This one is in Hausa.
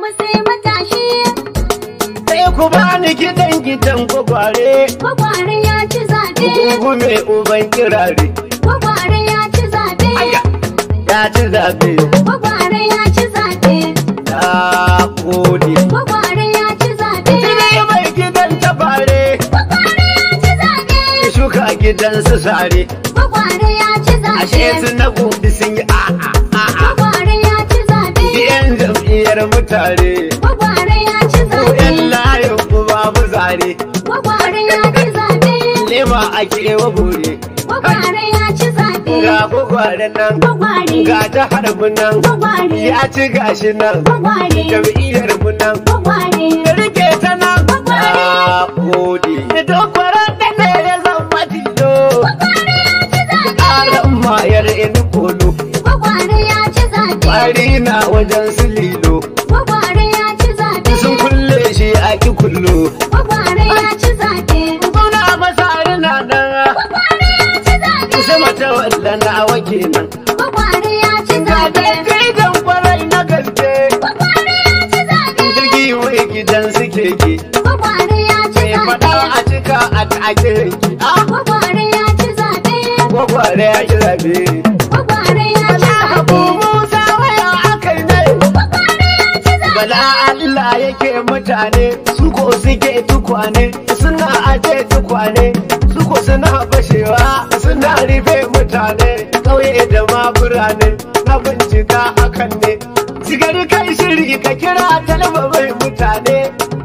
mu sai matashi. Sai ku bani gidan gidan gwagware. Gwagware ya ci zaɓe. Gugu mai uban kirare. Gwagware ya ci zaɓe. Ya ci zaɓe. Gwagware ya ci zaɓe. Na gode. Gwagware ya ci zaɓe. Sai mai gidan tabare. Gwagware ya ci zaɓe. Shuka gidan su sare. Gwagware ya ci zaɓe. Ashe su na gobe sun yi tare gwagware ya ci zane. ko yan layin ku babu zane gwagware ya ci zane. lema a kewa gore gwagware ya ci zane. ga gwagware nan gwagware ga ta mu nan gwagware ya ci gashi nan gwagware jam'iyyar mu nan gwagware rike ta nan gwagware gode da dokwara da ne ya zama tilo gwagware ya ci zabe ma yar in kolo gwagware ya ci zabe bari na wajen su kallo. Kwakware ya ci zaɓe. Gwamna a ari na ɗan. Kwakware ya ci zaɓe. Isa mata wallan na awa kenan. Kwakware ya ci zaɓe. Kai jan kwarai na gaske. Kwakware ya ci zaɓe. Jirgi wai gidan su keke. Kwakware ya ci zaɓe. Mai faɗa a cika a take. Kwakware ya ci zaɓe. Kwakware ya ci zaɓe. Kwakware ya ci zaɓe. bala Allah yake mutane su ko suke tukwane suna aje tukwane su ko suna bashewa suna rufe mutane kauye da ma burane na bincika akan ne sigari kai shiri ka kira talaba mai mutane